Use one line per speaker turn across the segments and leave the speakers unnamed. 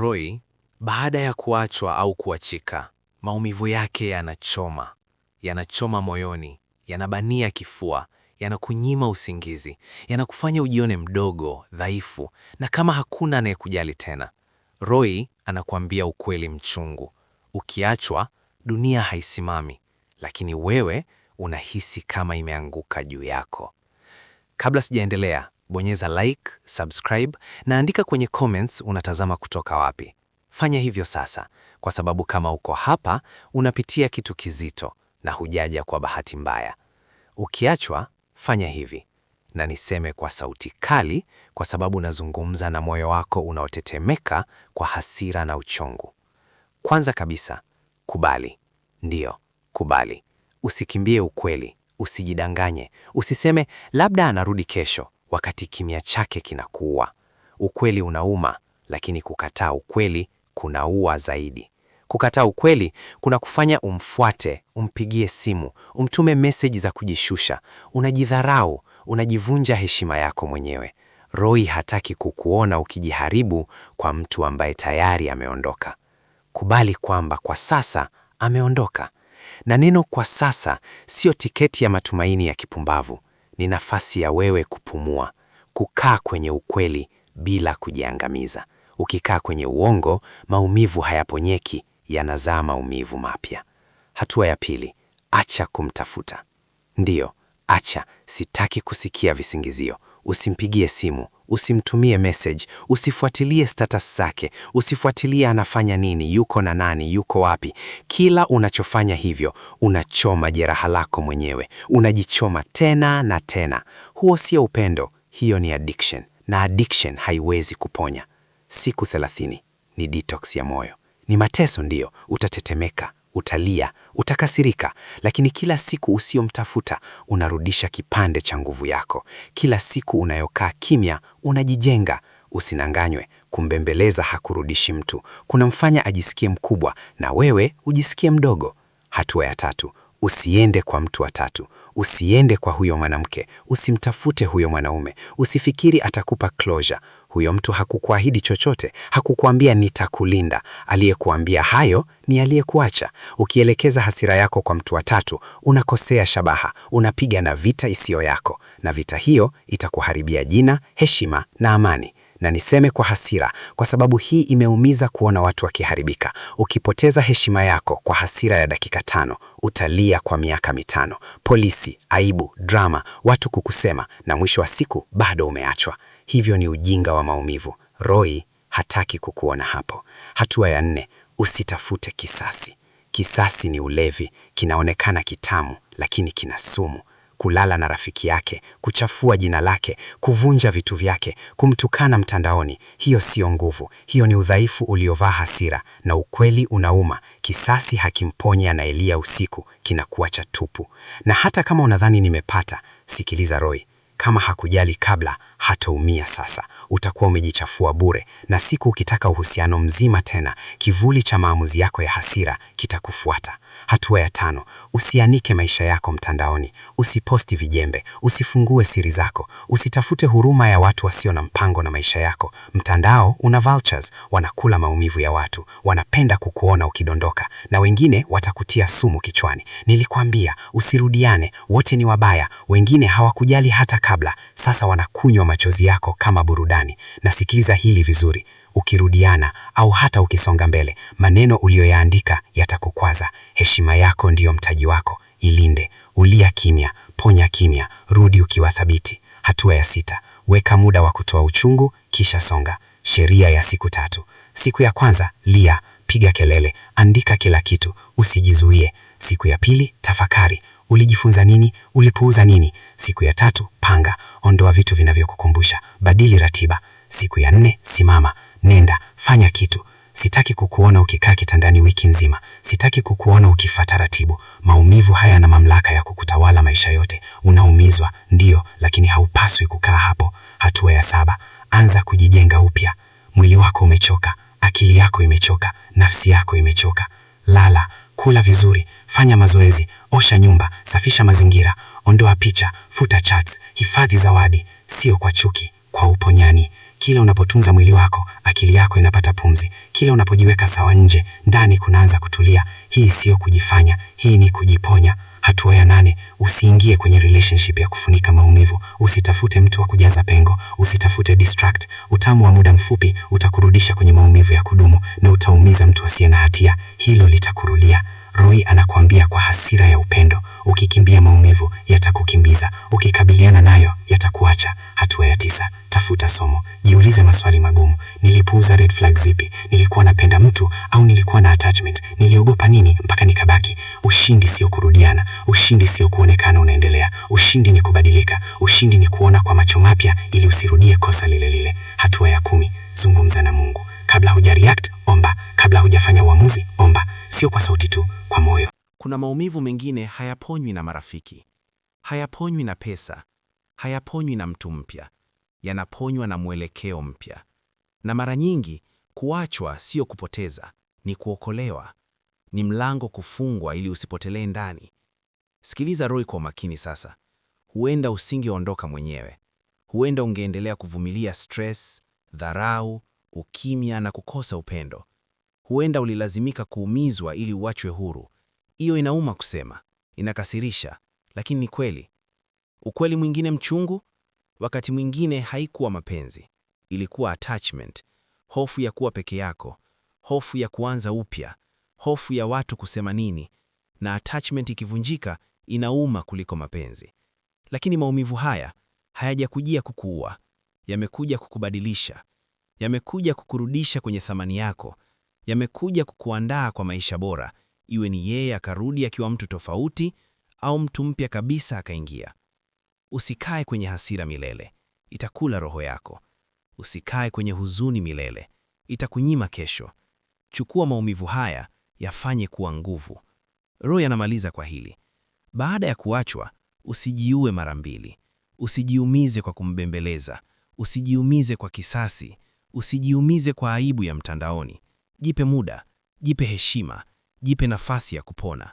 Roy, baada ya kuachwa au kuachika, maumivu yake yanachoma, yanachoma moyoni, yanabania kifua, yanakunyima usingizi, yanakufanya ujione mdogo, dhaifu na kama hakuna anayekujali tena. Roy anakuambia ukweli mchungu. Ukiachwa, dunia haisimami, lakini wewe unahisi kama imeanguka juu yako. Kabla sijaendelea, bonyeza like, subscribe na andika kwenye comments unatazama kutoka wapi. Fanya hivyo sasa, kwa sababu kama uko hapa unapitia kitu kizito na hujaja kwa bahati mbaya. Ukiachwa, fanya hivi, na niseme kwa sauti kali, kwa sababu nazungumza na moyo wako unaotetemeka kwa hasira na uchungu. Kwanza kabisa, kubali. Ndiyo, kubali. Usikimbie ukweli, usijidanganye, usiseme labda anarudi kesho wakati kimya chake kinakuua. Ukweli unauma, lakini kukataa ukweli kunaua zaidi. Kukataa ukweli kuna kufanya umfuate, umpigie simu, umtume meseji za kujishusha. Unajidharau, unajivunja heshima yako mwenyewe. Roy hataki kukuona ukijiharibu kwa mtu ambaye tayari ameondoka. Kubali kwamba kwa sasa ameondoka, na neno kwa sasa sio tiketi ya matumaini ya kipumbavu ni nafasi ya wewe kupumua, kukaa kwenye ukweli bila kujiangamiza. Ukikaa kwenye uongo, maumivu hayaponyeki, yanazaa maumivu mapya. Hatua ya pili, acha kumtafuta. Ndiyo, acha, sitaki kusikia visingizio. Usimpigie simu, usimtumie message, usifuatilie status zake, usifuatilie anafanya nini, yuko na nani, yuko wapi. Kila unachofanya hivyo, unachoma jeraha lako mwenyewe, unajichoma tena na tena. Huo sio upendo, hiyo ni addiction, na addiction haiwezi kuponya. Siku 30 ni detox ya moyo, ni mateso ndiyo, utatetemeka utalia, utakasirika, lakini kila siku usiyomtafuta unarudisha kipande cha nguvu yako. Kila siku unayokaa kimya unajijenga. Usinanganywe, kumbembeleza hakurudishi mtu, kunamfanya ajisikie mkubwa na wewe ujisikie mdogo. Hatua ya tatu, usiende kwa mtu wa tatu. Usiende kwa huyo mwanamke, usimtafute huyo mwanaume, usifikiri atakupa closure. Huyo mtu hakukuahidi chochote, hakukuambia nitakulinda. Aliyekuambia hayo ni aliyekuacha. Ukielekeza hasira yako kwa mtu wa tatu, unakosea shabaha, unapiga na vita isiyo yako, na vita hiyo itakuharibia jina, heshima na amani. Na niseme kwa hasira, kwa sababu hii imeumiza kuona watu wakiharibika. Ukipoteza heshima yako kwa hasira ya dakika tano, utalia kwa miaka mitano. Polisi, aibu, drama, watu kukusema, na mwisho wa siku bado umeachwa. Hivyo ni ujinga wa maumivu. Roy hataki kukuona hapo. Hatua ya nne, usitafute kisasi. Kisasi ni ulevi, kinaonekana kitamu lakini kina sumu. Kulala na rafiki yake, kuchafua jina lake, kuvunja vitu vyake, kumtukana mtandaoni, hiyo siyo nguvu, hiyo ni udhaifu uliovaa hasira, na ukweli unauma. Kisasi hakimponyi anayelia usiku, kinakuacha tupu. Na hata kama unadhani nimepata, sikiliza Roy, kama hakujali kabla, hataumia sasa. Utakuwa umejichafua bure, na siku ukitaka uhusiano mzima tena, kivuli cha maamuzi yako ya hasira kitakufuata. Hatua ya tano: usianike maisha yako mtandaoni, usiposti vijembe, usifungue siri zako, usitafute huruma ya watu wasio na mpango na maisha yako. Mtandao una vultures, wanakula maumivu ya watu, wanapenda kukuona ukidondoka, na wengine watakutia sumu kichwani. Nilikwambia usirudiane, wote ni wabaya. Wengine hawakujali hata kabla, sasa wanakunywa machozi yako kama burudani. Nasikiliza hili vizuri ukirudiana au hata ukisonga mbele, maneno uliyoyaandika yatakukwaza. Heshima yako ndiyo mtaji wako, ilinde. Ulia kimya, ponya kimya, rudi ukiwa thabiti. Hatua ya sita, weka muda wa kutoa uchungu, kisha songa. Sheria ya siku tatu. Siku ya kwanza, lia, piga kelele, andika kila kitu, usijizuie. Siku ya pili, tafakari, ulijifunza nini, ulipuuza nini? Siku ya tatu, panga, ondoa vitu vinavyokukumbusha, badili ratiba. Siku ya nne, simama nenda, fanya kitu. Sitaki kukuona ukikaa kitandani wiki nzima. Sitaki kukuona ukifa taratibu. Maumivu haya na mamlaka ya kukutawala maisha yote. Unaumizwa, ndiyo, lakini haupaswi kukaa hapo. Hatua ya saba, anza kujijenga upya. Mwili wako umechoka, akili yako imechoka, nafsi yako imechoka. Lala, kula vizuri, fanya mazoezi, osha nyumba, safisha mazingira, ondoa picha, futa chats, hifadhi zawadi, sio kwa chuki, kwa uponyani. Kila unapotunza mwili wako, akili yako inapata pumzi. Kila unapojiweka sawa nje, ndani kunaanza kutulia. Hii siyo kujifanya, hii ni kujiponya. Hatua ya nane: usiingie kwenye relationship ya kufunika maumivu. Usitafute mtu wa kujaza pengo, usitafute distract. Utamu wa muda mfupi utakurudisha kwenye maumivu ya kudumu, na utaumiza mtu asiye na hatia. Hilo litakurudia. Roy anakuambia kwa hasira ya upendo, ukikimbia maumivu yatakukimbiza, ukikabiliana nayo yatakuacha. Hatua ya tisa, tafuta somo, jiulize maswali magumu. Nilipuuza red flag zipi? Nilikuwa napenda mtu au nilikuwa na attachment? Niliogopa nini mpaka nikabaki? Ushindi sio kurudiana, ushindi sio kuonekana unaendelea, ushindi ni kubadilika, ushindi ni kuona kwa macho mapya ili usirudie kosa lile lile. Hatua ya kumi, zungumza na Mungu. Kabla hujareact, omba. Kabla hujafanya uamuzi, omba sio kwa sauti tu, kwa moyo.
Kuna maumivu mengine hayaponywi na marafiki, hayaponywi na pesa, hayaponywi na mtu mpya, yanaponywa na mwelekeo mpya. Na mara nyingi kuachwa sio kupoteza, ni kuokolewa, ni mlango kufungwa ili usipotelee ndani. Sikiliza Roy kwa makini sasa. Huenda usingeondoka mwenyewe, huenda ungeendelea kuvumilia stress, dharau, ukimya na kukosa upendo. Huenda ulilazimika kuumizwa ili uachwe huru. Hiyo inauma kusema, inakasirisha, lakini ni kweli. Ukweli mwingine mchungu, wakati mwingine haikuwa mapenzi, ilikuwa attachment, hofu ya kuwa peke yako, hofu ya kuanza upya, hofu ya watu kusema nini. Na attachment ikivunjika inauma kuliko mapenzi. Lakini maumivu haya hayajakujia kukuua, yamekuja kukubadilisha, yamekuja kukurudisha kwenye thamani yako yamekuja kukuandaa kwa maisha bora, iwe ni yeye akarudi akiwa mtu tofauti au mtu mpya kabisa akaingia. Usikae kwenye hasira milele, itakula roho yako. Usikae kwenye huzuni milele, itakunyima kesho. Chukua maumivu haya, yafanye kuwa nguvu. Roy anamaliza kwa hili: baada ya kuachwa, usijiue mara mbili. Usijiumize kwa kumbembeleza, usijiumize kwa kisasi, usijiumize kwa aibu ya mtandaoni. Jipe muda, jipe heshima, jipe nafasi ya kupona.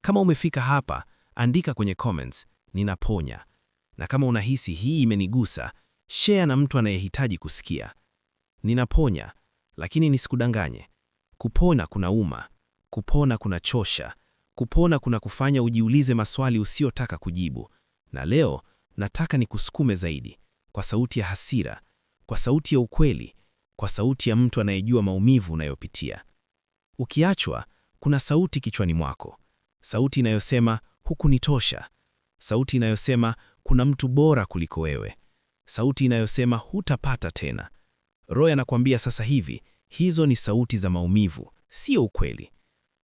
Kama umefika hapa, andika kwenye comments ninaponya, na kama unahisi hii imenigusa, share na mtu anayehitaji kusikia. Ninaponya, lakini nisikudanganye, kupona kuna uma, kupona kuna chosha kupona kuna kufanya ujiulize maswali usiyotaka kujibu. Na leo nataka nikusukume zaidi, kwa sauti ya hasira, kwa sauti ya ukweli kwa sauti ya mtu anayejua maumivu unayopitia. Ukiachwa, kuna sauti kichwani mwako, sauti inayosema hukunitosha, sauti inayosema kuna mtu bora kuliko wewe, sauti inayosema hutapata tena. Roy anakuambia sasa hivi, hizo ni sauti za maumivu, sio ukweli.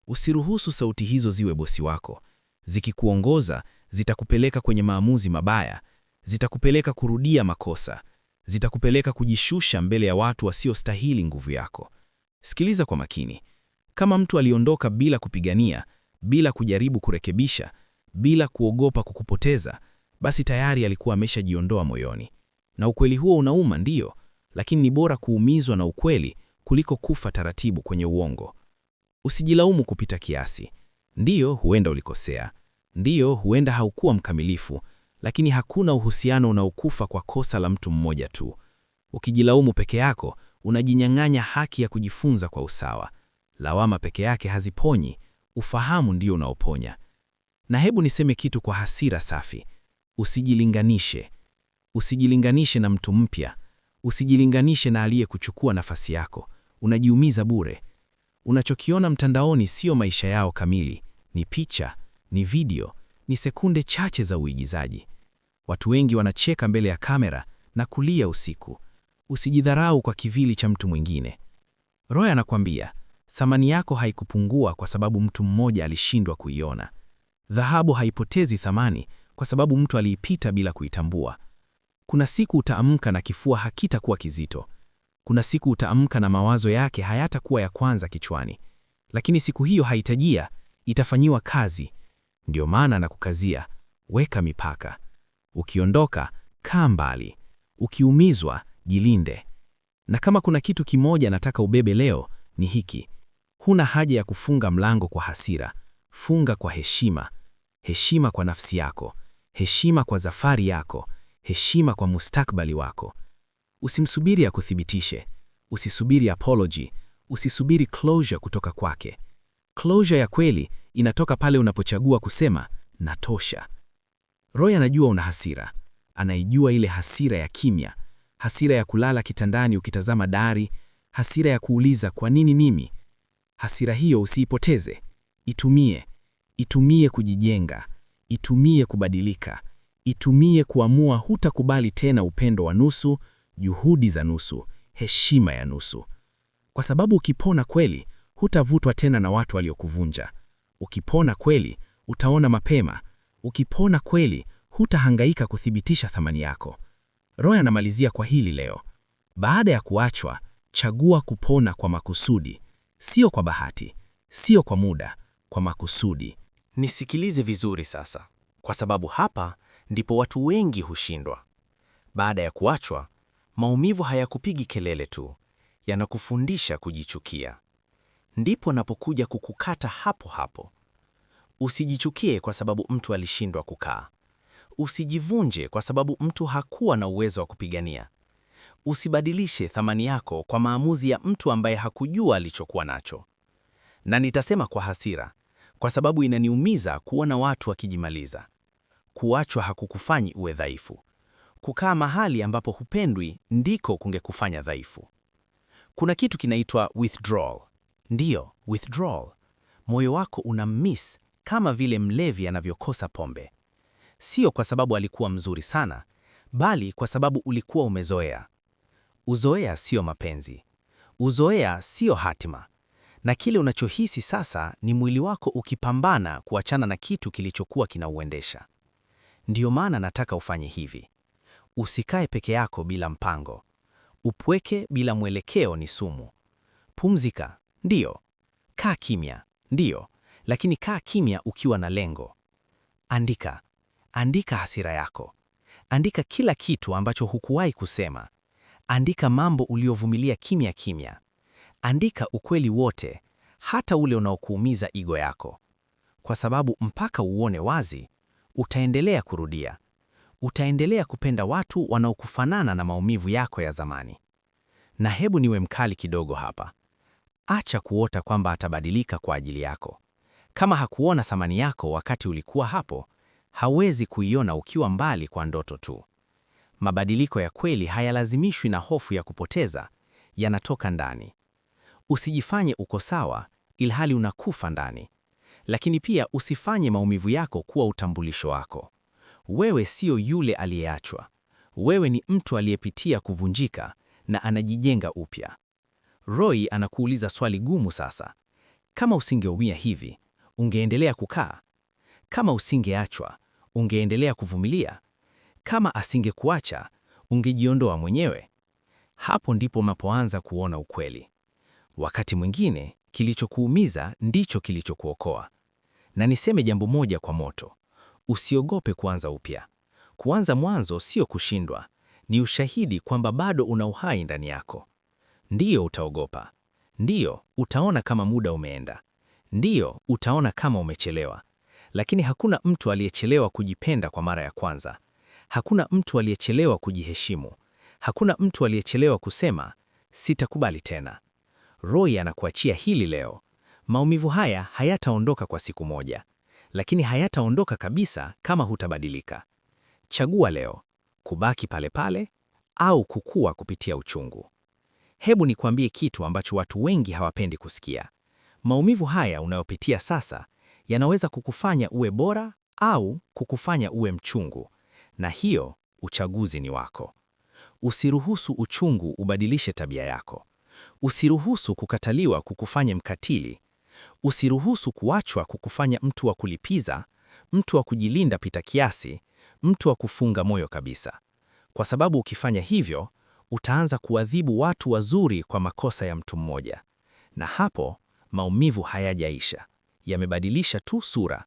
Usiruhusu sauti hizo ziwe bosi wako. Zikikuongoza, zitakupeleka kwenye maamuzi mabaya, zitakupeleka kurudia makosa, zitakupeleka kujishusha mbele ya watu wasiostahili nguvu yako. Sikiliza kwa makini. Kama mtu aliondoka bila kupigania, bila kujaribu kurekebisha, bila kuogopa kukupoteza, basi tayari alikuwa ameshajiondoa moyoni. Na ukweli huo unauma, ndiyo, lakini ni bora kuumizwa na ukweli kuliko kufa taratibu kwenye uongo. Usijilaumu kupita kiasi. Ndiyo, huenda ulikosea. Ndiyo, huenda haukuwa mkamilifu, lakini hakuna uhusiano unaokufa kwa kosa la mtu mmoja tu. Ukijilaumu peke yako, unajinyang'anya haki ya kujifunza kwa usawa. Lawama peke yake haziponyi, ufahamu ndio unaoponya. Na hebu niseme kitu kwa hasira safi: usijilinganishe. Usijilinganishe na mtu mpya, usijilinganishe na aliyekuchukua nafasi yako. Unajiumiza bure. Unachokiona mtandaoni sio maisha yao kamili, ni picha, ni video ni sekunde chache za uigizaji. Watu wengi wanacheka mbele ya kamera na kulia usiku. Usijidharau kwa kivili cha mtu mwingine. Roy anakuambia thamani yako haikupungua kwa sababu mtu mmoja alishindwa kuiona. Dhahabu haipotezi thamani kwa sababu mtu aliipita bila kuitambua. Kuna siku utaamka na kifua hakitakuwa kizito. Kuna siku utaamka na mawazo yake hayatakuwa ya kwanza kichwani, lakini siku hiyo haitajia, itafanyiwa kazi ndio maana nakukazia, weka mipaka. Ukiondoka, kaa mbali. Ukiumizwa, jilinde. Na kama kuna kitu kimoja nataka ubebe leo ni hiki: huna haja ya kufunga mlango kwa hasira. Funga kwa heshima. Heshima kwa nafsi yako, heshima kwa safari yako, heshima kwa mustakbali wako. Usimsubiri akuthibitishe, usisubiri apology, usisubiri closure kutoka kwake. Closure ya kweli inatoka pale unapochagua kusema natosha. Roy anajua una hasira, anaijua ile hasira ya kimya, hasira ya kulala kitandani ukitazama dari, hasira ya kuuliza kwa nini mimi. Hasira hiyo usiipoteze, itumie, itumie kujijenga, itumie kubadilika, itumie kuamua hutakubali tena upendo wa nusu, juhudi za nusu, heshima ya nusu, kwa sababu ukipona kweli hutavutwa tena na watu waliokuvunja. Ukipona kweli, utaona mapema. Ukipona kweli, hutahangaika kuthibitisha thamani yako. Roy anamalizia kwa hili leo. Baada ya kuachwa, chagua kupona kwa makusudi, sio kwa bahati, sio kwa muda, kwa makusudi. Nisikilize vizuri sasa, kwa sababu hapa ndipo watu wengi hushindwa. Baada ya kuachwa, maumivu hayakupigi kelele tu, yanakufundisha kujichukia ndipo napokuja kukukata hapo hapo. Usijichukie kwa sababu mtu alishindwa kukaa. Usijivunje kwa sababu mtu hakuwa na uwezo wa kupigania. Usibadilishe thamani yako kwa maamuzi ya mtu ambaye hakujua alichokuwa nacho. Na nitasema kwa hasira, kwa sababu inaniumiza kuona watu wakijimaliza. Kuachwa hakukufanyi uwe dhaifu. Kukaa mahali ambapo hupendwi ndiko kungekufanya dhaifu. Kuna kitu kinaitwa withdrawal. Ndiyo, withdrawal. Moyo wako una miss kama vile mlevi anavyokosa pombe. Sio kwa sababu alikuwa mzuri sana, bali kwa sababu ulikuwa umezoea. Uzoea sio mapenzi. Uzoea sio hatima. Na kile unachohisi sasa ni mwili wako ukipambana kuachana na kitu kilichokuwa kinauendesha. Ndiyo maana nataka ufanye hivi. Usikae peke yako bila mpango. Upweke bila mwelekeo ni sumu. Pumzika, Ndiyo, kaa kimya, ndiyo, lakini kaa kimya ukiwa na lengo. Andika, andika hasira yako, andika kila kitu ambacho hukuwahi kusema, andika mambo uliovumilia kimya kimya, andika ukweli wote, hata ule unaokuumiza igo yako, kwa sababu mpaka uone wazi, utaendelea kurudia, utaendelea kupenda watu wanaokufanana na maumivu yako ya zamani. Na hebu niwe mkali kidogo hapa acha kuota kwamba atabadilika kwa ajili yako. Kama hakuona thamani yako wakati ulikuwa hapo, hawezi kuiona ukiwa mbali kwa ndoto tu. Mabadiliko ya kweli hayalazimishwi na hofu ya kupoteza, yanatoka ndani. Usijifanye uko sawa ilhali unakufa ndani. Lakini pia usifanye maumivu yako kuwa utambulisho wako. Wewe sio yule aliyeachwa. Wewe ni mtu aliyepitia kuvunjika na anajijenga upya. Roy anakuuliza swali gumu sasa. Kama usingeumia hivi, ungeendelea kukaa? Kama usingeachwa, ungeendelea kuvumilia? Kama asingekuacha, ungejiondoa mwenyewe? Hapo ndipo unapoanza kuona ukweli. Wakati mwingine kilichokuumiza ndicho kilichokuokoa. Na niseme jambo moja kwa moto, usiogope kuanza upya. Kuanza mwanzo sio kushindwa, ni ushahidi kwamba bado una uhai ndani yako. Ndiyo utaogopa. Ndiyo utaona kama muda umeenda. Ndiyo utaona kama umechelewa. Lakini hakuna mtu aliyechelewa kujipenda kwa mara ya kwanza. Hakuna mtu aliyechelewa kujiheshimu. Hakuna mtu aliyechelewa kusema sitakubali tena. Roy anakuachia hili leo. Maumivu haya hayataondoka kwa siku moja, lakini hayataondoka kabisa kama hutabadilika. Chagua leo kubaki pale pale au kukua kupitia uchungu. Hebu nikwambie kitu ambacho watu wengi hawapendi kusikia. Maumivu haya unayopitia sasa yanaweza kukufanya uwe bora au kukufanya uwe mchungu, na hiyo uchaguzi ni wako. Usiruhusu uchungu ubadilishe tabia yako. Usiruhusu kukataliwa kukufanya mkatili. Usiruhusu kuachwa kukufanya mtu wa kulipiza, mtu wa kujilinda pita kiasi, mtu wa kufunga moyo kabisa, kwa sababu ukifanya hivyo utaanza kuadhibu watu wazuri kwa makosa ya mtu mmoja, na hapo maumivu hayajaisha, yamebadilisha tu sura.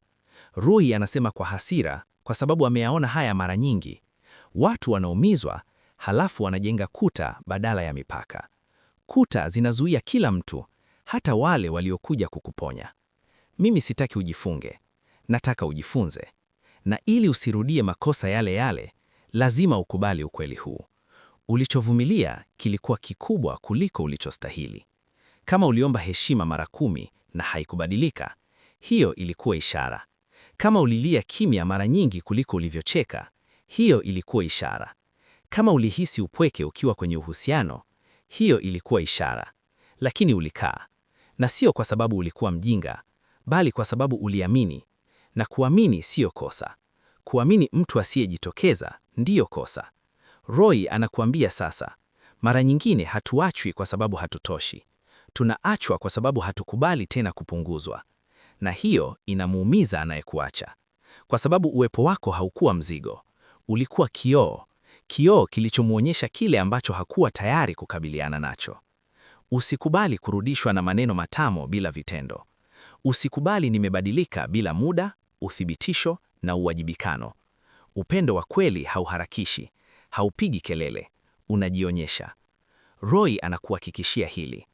Rui anasema kwa hasira, kwa sababu ameyaona haya mara nyingi. Watu wanaumizwa, halafu wanajenga kuta badala ya mipaka. Kuta zinazuia kila mtu, hata wale waliokuja kukuponya. Mimi sitaki ujifunge, nataka ujifunze, na ili usirudie makosa yale yale, lazima ukubali ukweli huu. Ulichovumilia kilikuwa kikubwa kuliko ulichostahili. Kama uliomba heshima mara kumi na haikubadilika, hiyo ilikuwa ishara. Kama ulilia kimya mara nyingi kuliko ulivyocheka, hiyo ilikuwa ishara. Kama ulihisi upweke ukiwa kwenye uhusiano, hiyo ilikuwa ishara. Lakini ulikaa, na sio kwa sababu ulikuwa mjinga, bali kwa sababu uliamini. Na kuamini siyo kosa. Kuamini mtu asiyejitokeza ndiyo kosa. Roy anakuambia sasa, mara nyingine hatuachwi kwa sababu hatutoshi, tunaachwa kwa sababu hatukubali tena kupunguzwa, na hiyo inamuumiza anayekuacha, kwa sababu uwepo wako haukuwa mzigo, ulikuwa kioo, kioo kilichomwonyesha kile ambacho hakuwa tayari kukabiliana nacho. Usikubali kurudishwa na maneno matamo bila vitendo. Usikubali nimebadilika bila muda, uthibitisho na uwajibikano. Upendo wa kweli hauharakishi, haupigi kelele, unajionyesha. Roy anakuhakikishia hili.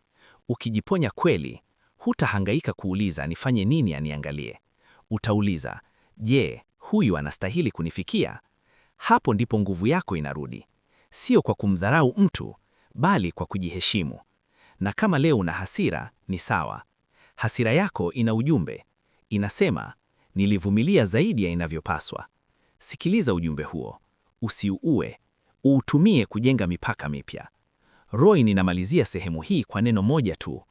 Ukijiponya kweli, hutahangaika kuuliza nifanye nini aniangalie. Utauliza, je, huyu anastahili kunifikia? Hapo ndipo nguvu yako inarudi, sio kwa kumdharau mtu, bali kwa kujiheshimu. Na kama leo una hasira, ni sawa. Hasira yako ina ujumbe, inasema nilivumilia zaidi ya inavyopaswa. Sikiliza ujumbe huo, usiuue, uutumie kujenga mipaka mipya. Roy, ninamalizia sehemu hii kwa neno moja tu: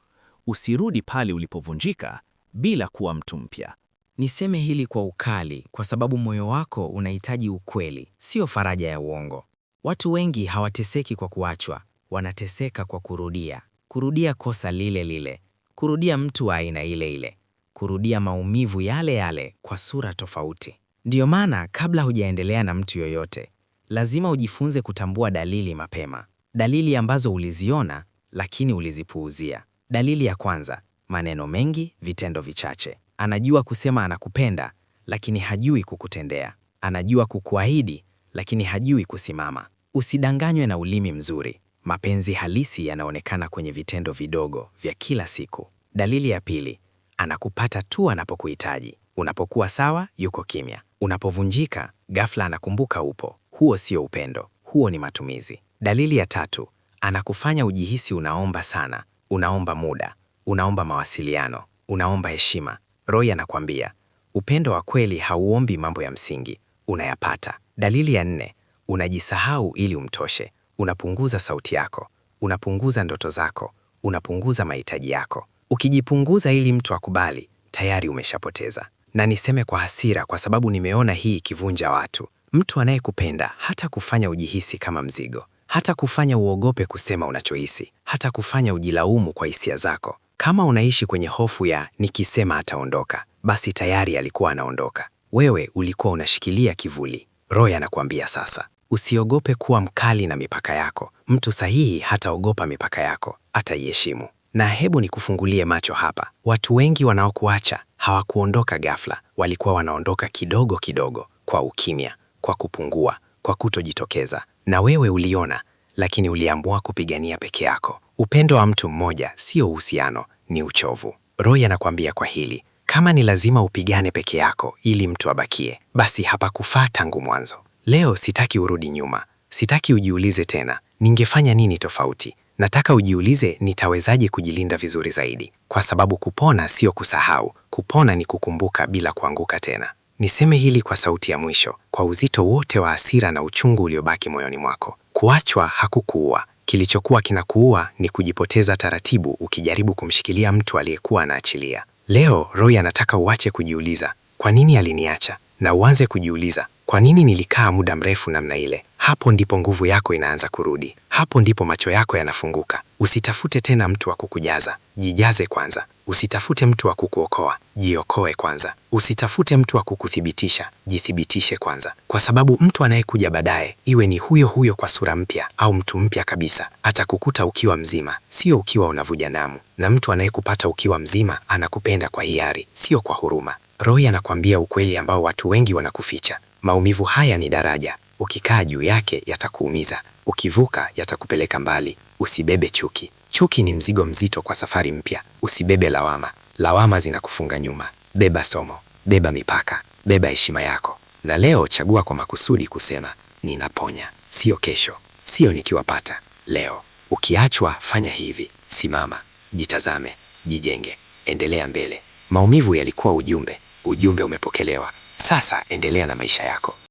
usirudi pale ulipovunjika bila kuwa mtu mpya. Niseme hili kwa ukali, kwa sababu moyo wako unahitaji ukweli, sio faraja ya uongo. Watu wengi hawateseki kwa kuachwa, wanateseka kwa kurudia, kurudia kosa lile lile, kurudia mtu wa aina ile ile, kurudia maumivu yale yale kwa sura tofauti. Ndiyo maana kabla hujaendelea na mtu yoyote, lazima ujifunze kutambua dalili mapema, dalili ambazo uliziona lakini ulizipuuzia. Dalili ya kwanza, maneno mengi, vitendo vichache. Anajua kusema anakupenda, lakini hajui kukutendea. Anajua kukuahidi, lakini hajui kusimama. Usidanganywe na ulimi mzuri. Mapenzi halisi yanaonekana kwenye vitendo vidogo vya kila siku. Dalili ya pili, anakupata tu anapokuhitaji. Unapokuwa sawa, yuko kimya. Unapovunjika, ghafla anakumbuka upo. Huo sio upendo, huo ni matumizi. Dalili ya tatu, anakufanya ujihisi unaomba sana, unaomba muda, unaomba mawasiliano, unaomba heshima. Roy anakwambia upendo wa kweli hauombi mambo ya msingi, unayapata. Dalili ya nne, unajisahau ili umtoshe. Unapunguza sauti yako, unapunguza ndoto zako, unapunguza mahitaji yako. Ukijipunguza ili mtu akubali, tayari umeshapoteza. Na niseme kwa hasira, kwa sababu nimeona hii ikivunja watu. Mtu anayekupenda hata kufanya ujihisi kama mzigo, hata kufanya uogope kusema unachohisi, hata kufanya ujilaumu kwa hisia zako. Kama unaishi kwenye hofu ya nikisema ataondoka, basi tayari alikuwa anaondoka. Wewe ulikuwa unashikilia kivuli. Roy anakuambia sasa, usiogope kuwa mkali na mipaka yako. Mtu sahihi hataogopa mipaka yako, ataiheshimu. Na hebu nikufungulie macho hapa. Watu wengi wanaokuacha hawakuondoka ghafla, walikuwa wanaondoka kidogo kidogo, kwa ukimya kwa kupungua, kwa kutojitokeza. Na wewe uliona, lakini uliamua kupigania peke yako. Upendo wa mtu mmoja sio uhusiano, ni uchovu. Roy anakuambia kwa hili, kama ni lazima upigane peke yako ili mtu abakie, basi hapakufaa tangu mwanzo. Leo sitaki urudi nyuma, sitaki ujiulize tena ningefanya nini tofauti. Nataka ujiulize nitawezaje kujilinda vizuri zaidi, kwa sababu kupona sio kusahau, kupona ni kukumbuka bila kuanguka tena. Niseme hili kwa sauti ya mwisho, kwa uzito wote wa hasira na uchungu uliobaki moyoni mwako. Kuachwa hakukuua. Kilichokuwa kinakuua ni kujipoteza taratibu, ukijaribu kumshikilia mtu aliyekuwa anaachilia. Leo Roy anataka uache kujiuliza kwa nini aliniacha, na uanze kujiuliza kwa nini nilikaa muda mrefu namna ile hapo ndipo nguvu yako inaanza kurudi, hapo ndipo macho yako yanafunguka. Usitafute tena mtu wa kukujaza, jijaze kwanza. Usitafute mtu wa kukuokoa, jiokoe kwanza. Usitafute mtu wa kukuthibitisha, jithibitishe kwanza, kwa sababu mtu anayekuja baadaye, iwe ni huyo huyo kwa sura mpya au mtu mpya kabisa, atakukuta ukiwa mzima, sio ukiwa unavuja damu. Na mtu anayekupata ukiwa mzima anakupenda kwa hiari, sio kwa huruma. Roy anakuambia ukweli ambao watu wengi wanakuficha. Maumivu haya ni daraja Ukikaa juu yake yatakuumiza, ukivuka yatakupeleka mbali. Usibebe chuki. Chuki ni mzigo mzito kwa safari mpya. Usibebe lawama, lawama zinakufunga nyuma. Beba somo, beba mipaka, beba heshima yako. Na leo chagua kwa makusudi kusema ninaponya, sio kesho, sio nikiwapata. Leo ukiachwa, fanya hivi: simama, jitazame, jijenge, endelea mbele. Maumivu yalikuwa ujumbe, ujumbe umepokelewa. Sasa endelea na maisha yako.